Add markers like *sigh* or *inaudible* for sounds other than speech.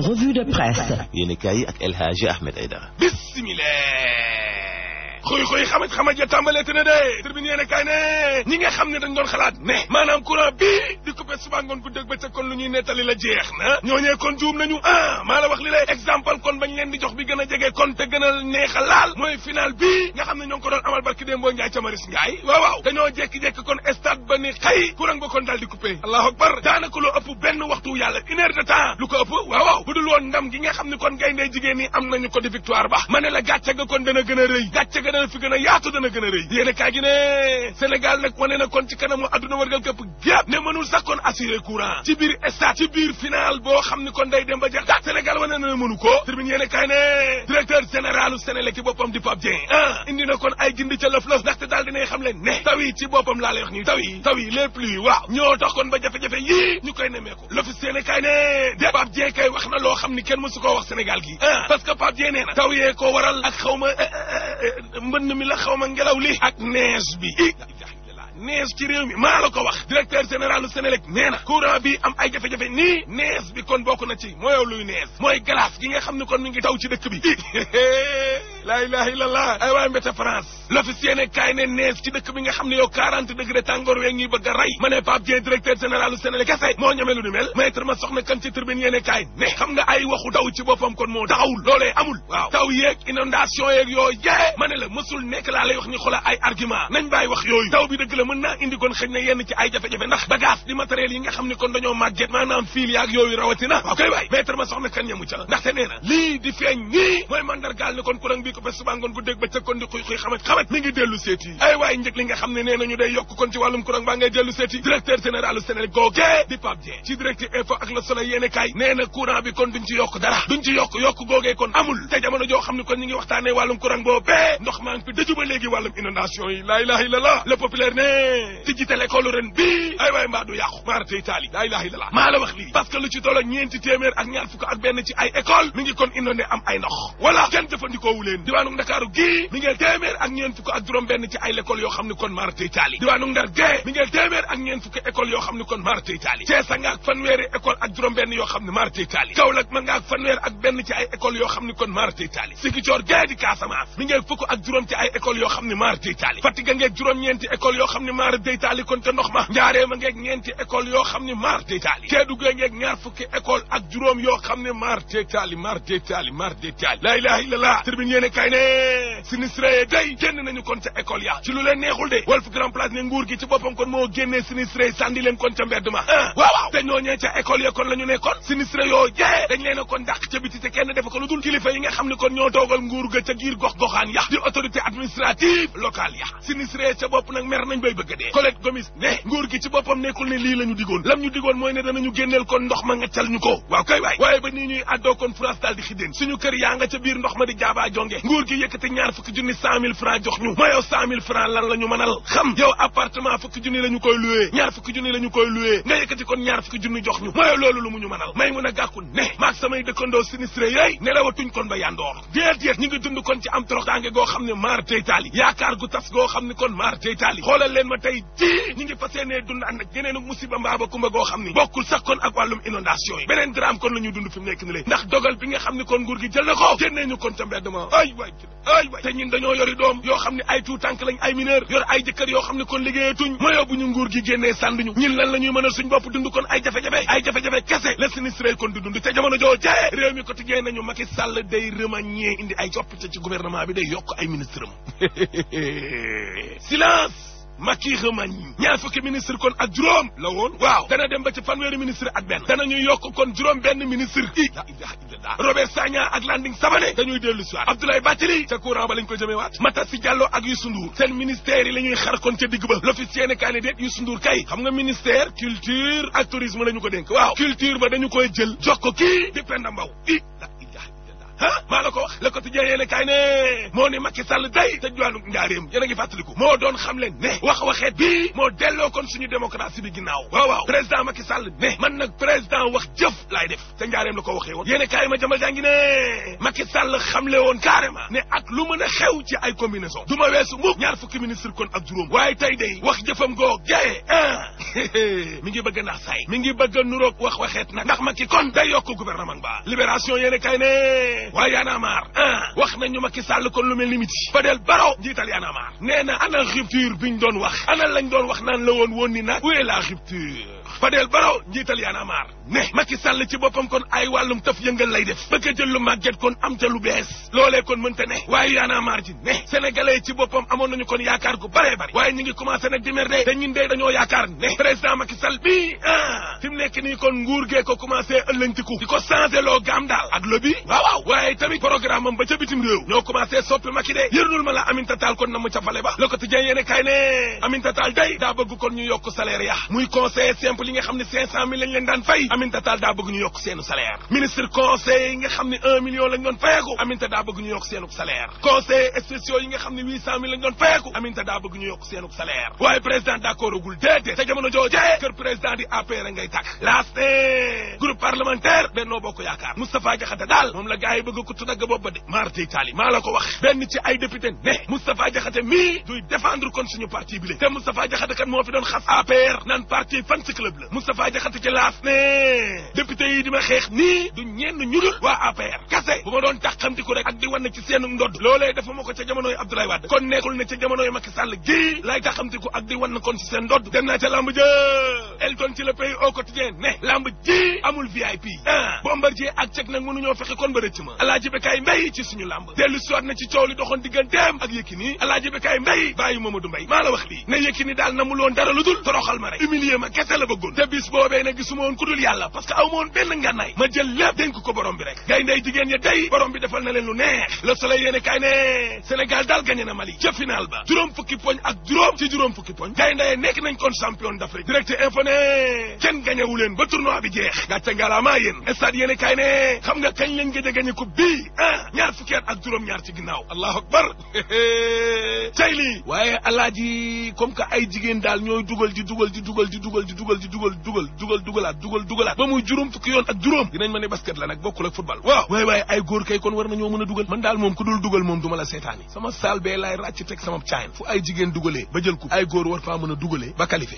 revue de presse. yéen kaay yi ak El Hadji Ahmed Aïdara. bismillah. xuy-xuy xamaj xamaj ya tàmbalee te ne de tribune yéen kaay ne ñi nga xam ne dañ doon xalaat ne maanaam courant bii di coupé suba ngoon guddeeg bëccëg kon lu ñuy nettali la jeex na ñooñee kon juum nañu ah maa la wax li lay exemple kon bañ leen di jox bi gën a jege kon te gën a neexa laal mooy final bii nga xam ne ñoo ko doon amal barki démboo Njaay ca Maris Njaay waaw dañoo jekki-jekki kon stade ba ni xëy courant ba kon daal di coupé allahu la gàcce ga kon dana gën a dana fi gën a yaatu dana gën a rëy yéen a kaay gi ne Sénégal nag wane na kon ci kanamu adduna wërgal këpp gépp ne mënul sax kon assurer courant ci biir stade ci biir final boo xam ni kon day dem ba jeex daal Sénégal wane na mënu ko tribune yéen kaay ne directeur général u Sénélec boppam di Pape Dieng ah, indi na kon ay gindi ca lëf-lëf ndaxte daal dinay xam leen ne taw ci boppam laa lay wax nii taw yi taw yi les ñoo tax kon ba jafe-jafe yii ñu koy nemmeeku a loo xam ni kenn mësu koo wax Sénégal gi ah parce que ko waral ak xawma eh, eh, eh, mbënn mi la xaw ma ngelaw li ak nees bi nees ci réew mi maa la ko wax directeur général u Sénélec nee na courant am ay jafe-jafe nii nees bi kon bokk na ci mooyow luy nees mooy glace gi nga xam ne kon mi ngi taw ci dëkk bi *laughs* laa ilaha illallah ay waay mbéta France l'officier ne kaay ne nees ci dëkk bi nga xam ne yow 40 degré tàngoor wee ñuy bëgg a rey ma ne Pape Dieng directeur général u Sénélec kese moo ñame lu ni mel maître ma soxna kan ci tribune yéene kaay ne xam nga ay waxu taw ci boppam kon moo taxawul loolee amul waaw taw yeeg inondation yeeg yooyu yee la mësul nekk laa lay wax ñu xola ay argument nañ bàyyi wax yooyu taw bi dëgg la mën naa indi kon xëy na yenn ci ay jafe-jafe ndax bagage yi nga xam ne kon dañoo màgget maanaam fiil yaag yooyu ma soxna na lii di feeñ nii mooy mandargaal ne kon courant ko ba suba ngoon guddeeg ba ca kon di xuy xuy xamat xamat mi ngi dellu seeti ay waay njëg li nga xam ne nee nañu day yokk kon ci wàllum courant baa ngay dellu seeti directeur général Senelec googee di Pape Dieng ci direct info ak Le Soleil yéene kaay nee bi kon duñ ci dara duñ ci yokk yokk kon amul te jamono joo xam ne kon ñi ngi waxtaanee wàllum courant boobee ndox maa ngi fi dëju léegi wàllum inondation yi laa ilaha illallah la wax lim diwaanu Ndakaaru gii mi ngeel téeméer ak ñeen fukk ak juróom benn ci ay l'école yoo xam ni kon maara tey taali diwaanu Ndar gee mi ngeel téeméer ak ñeen fukki école yoo xam ni kon maara tey taali Cees a nga ak fanweeri école ak juróom benn yoo xam ne maara tey taali Kaolack ma nga ak fanweer ak benn ci ay école yoo xam ni kon maara tey taali Sigicoor gee di Casamance mi ngeel fukk ak juróom ci ay école yoo xam ni maara tey taali Fatick a ngeeg juróom-ñeenti école yoo xam ni maara tey taali kon te ndox ma Njaareem a ngeeg ñeenti école yoo xam ni maara tey taali Kédougou a ngeeg ñaar fukki école ak juróom yoo xam ne maara tey taali maara tey taali maara tey taali la ilaha illallah yéene kay ne sinistre yi day génn nañu kon ca école ya ci lu leen neexul de Walf Grand Place ne nguur gi ci boppam kon moo génnee sinistre yi sànni leen kon ca mbedd ma ah waaw waaw te ñooñee ca école ya kon la ñu ne kon sinistre yoo jee dañ leen a kon dàq ca biti te kenn defe ko lu dul kilifa yi nga xam ne kon ñoo toogal nguur ga ca giir gox goxaan ya di autorité administrative locale ya sinistre ca bopp nag mer nañ bay bëgg dee Colette Gomis ne nguur ñu digoon lam ñu digoon mooy ma Mbàkke nguur gi yëkkati ñaar fukki junni cent mille francs jox ñu ma yow cent mille francs lan la ñu xam yow appartement fukki junni la koy loué ñaar fukki junni la koy loué nga yëkkati kon ñaar fukki junni jox ñu ma yow loolu lu mu ñu mënal may mun a gàkku ne maag samay dëkkandoo sinistré yooyu nelawatuñ kon ba yandoor déedéet ñu ngi dund kon ci am torox daange goo xam ne maar deytaali yaakaar gu tas goo xam ne kon maar deytaali xoolal leen ma tey jii ñu ngi fas yéenee xam ne bokkul sax kon ak wàllum inondation yi beneen ñu dund fi mu nekk ni lay ndax ne kon nguur gi jël na ay waay ay waay te ñun dañoo yori doom yoo xam ne ay tuut tànk lañ ay mineur yor ay jëkkër yoo xam ne kon liggéeyatuñ ma yóbbu ñu nguur gi génnee sànduñu ñun lan la ñuy suñ bopp dund kon ay jafe-jafe ay jafe-jafe kese la sinistré kon di dund te jamono joo réew mi quotidien nañu Macky Sall day remanier indi ay coppite ci gouvernement bi day yokk ay ministre am *laughs* silence ma Macky remanié ñaar fukki ministre kon ak juróom la woon waaw dana dem ba ci fanweeri ministre ak benn danañu yokk kon juróom benn ministre i la ilaha illallah Robert Sagna ak Landing Savané dañuy dellu si waat Abdoulaye Bathily ca courant ba lañ ko jëmee waat Mata Sy Diallo ak Youssou Ndour seen ministère yi ñuy xar kon ca digg ba l'officier ne candidat Youssou Ndour kay xam nga ministère culture ak tourisme la ñu ko dénk waaw culture ba dañu koy jël jox ko kii di Penda Mbow ah maa la ko wax le quotidien yéen a kaay ne moo ni makki Sall day te juwaanu njaareem yéen a ngi fàttaliku moo doon xam le ne wax waxeet bii moo delloo kon suñu démocratie bi ginnaaw waaw waaw président makki Sall ne man nag président wax jëf laay def te njaareem la ko waxee woon yéen a kaay ma jamal jàngi ne Macky xam le woon carrément ne ak lu mën a xew ci ay combinaison du ma weesu mukk ñaar fukki ministre kon ak juróom waaye tey day wax jëfam goo gaye ah mi ngi bëgg mi ngi bëgg a nuroog wax waxeet nag ndax Macky kon day yokk gouvernement ba libération yéen a kaay ne ne waa yaanamar ah wax nañu Macky Sall kon lu mel ni miti Fadel Barro njiital yaanamar nee na ana rupture biñ doon wax ana lañ doon wax naan la woon woon ni nag où est la rupture Fadel Barro njiital Y'en a marre ne Macky Sall ci boppam kon ay wàllum taf yëngal lay def bëgg jël lu màgget kon am ca bees loolee kon mënta ne waaye Y'en a marre ji ne sénégalais ci boppam amoon nañu kon yaakaar gu bëree bëri waaye ñu ngi commencé nag di mer de te ñun de dañoo yaakaar ne président Macky bii ah fi nekk nii kon nguur gee ko commencé ëllëntiku di ko changé loo gaam daal ak lobby waaw waaw waaye tamit programme am ba a bitim réew ñoo commencé soppi Macky de yërnul ma la na mu ca fale ba Le Quotidien ñu yokk salaire ya muy conseiller simple li nga xam ne cinq daan fay Aminata daa bëgg ñu yokk seenu salaire ministre conseil yi nga xam ne un million lañ doon fayeeku Aminata daa bëgg ñu yokk seenu salaire conseil spéciaux yi nga xam ne huit cent mille lañ doon fayeeku Aminata daa bëgg ñu yokk seenu salaire waaye président d'accord agul déedéet te jamono joojee kër président di APR ngay tàkk bëgg ku tudagg boobu de marti taali maa la ko te Moustapha Diakhaté kat moo fi doon xas APR naan parti la Moustapha Diakhaté ci laas ne député yi di ma xeex nii du ñenn ñu dul waa APR kase bu ma doon tax xamtiku rek ak di wan ci seen ndodd loolee dafa ma ko ca jamonoy Abdoulaye Wade kon nekkul na ca jamonoy Macky Sall gii laay tax ak di wan kon ci seen ndodd dem naa ca lamb ja Elton ci le pays au quotidien ne lamb ji amul VIP ah Bombardier ak ceg nag mënuñoo fexe kon ba rëcc ma alaaji Bekaay ci suñu lamb dellu siwaat na ci coow li doxoon ko te bis boobee ne gisuma woon ku dul yàlla parce que aw ma woon benn ngànnaay ma jël lépp dénk ko borom bi rek gayndey jigéen ña day borom bi defal leen lu neex Le Soleil yéene kaay ne Sénégal daal gagné na Mali ca final ba juróom fukki poñ ak juróom ci juróom fukki poñ gayndey nekk nañ kon champion d'Afrique direct info ne kenn gañewu ba tournoi bi jeex gàcce ngalaama yéen stade yéene kaay ne xam nga kañ lañ gëj a gañe coupe ah ñaar fukki ak juróom-ñaar ci ginnaaw allahu akbar *laughs* tey lii waaye alaaji comme que ay jigéen daal ñooy dugal di dugal di dugal di dugal di dugal di dugal dugal dugal dugalaat dugal dugalaat ba muy juróom fukki yoon ak juróom dinañ ma basket la nag bokkul ak football waaw waaye waaye ay góor kay kon war nañoo mën a dugal man daal moom ku dul dugal moom du ma la seetaani sama saal bee laay ràcc teg sama caayin fu ay jigéen dugalee ba jël ko ay góor war faa a dugalee ba qualifié